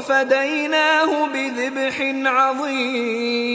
وفديناه بذبح عظيم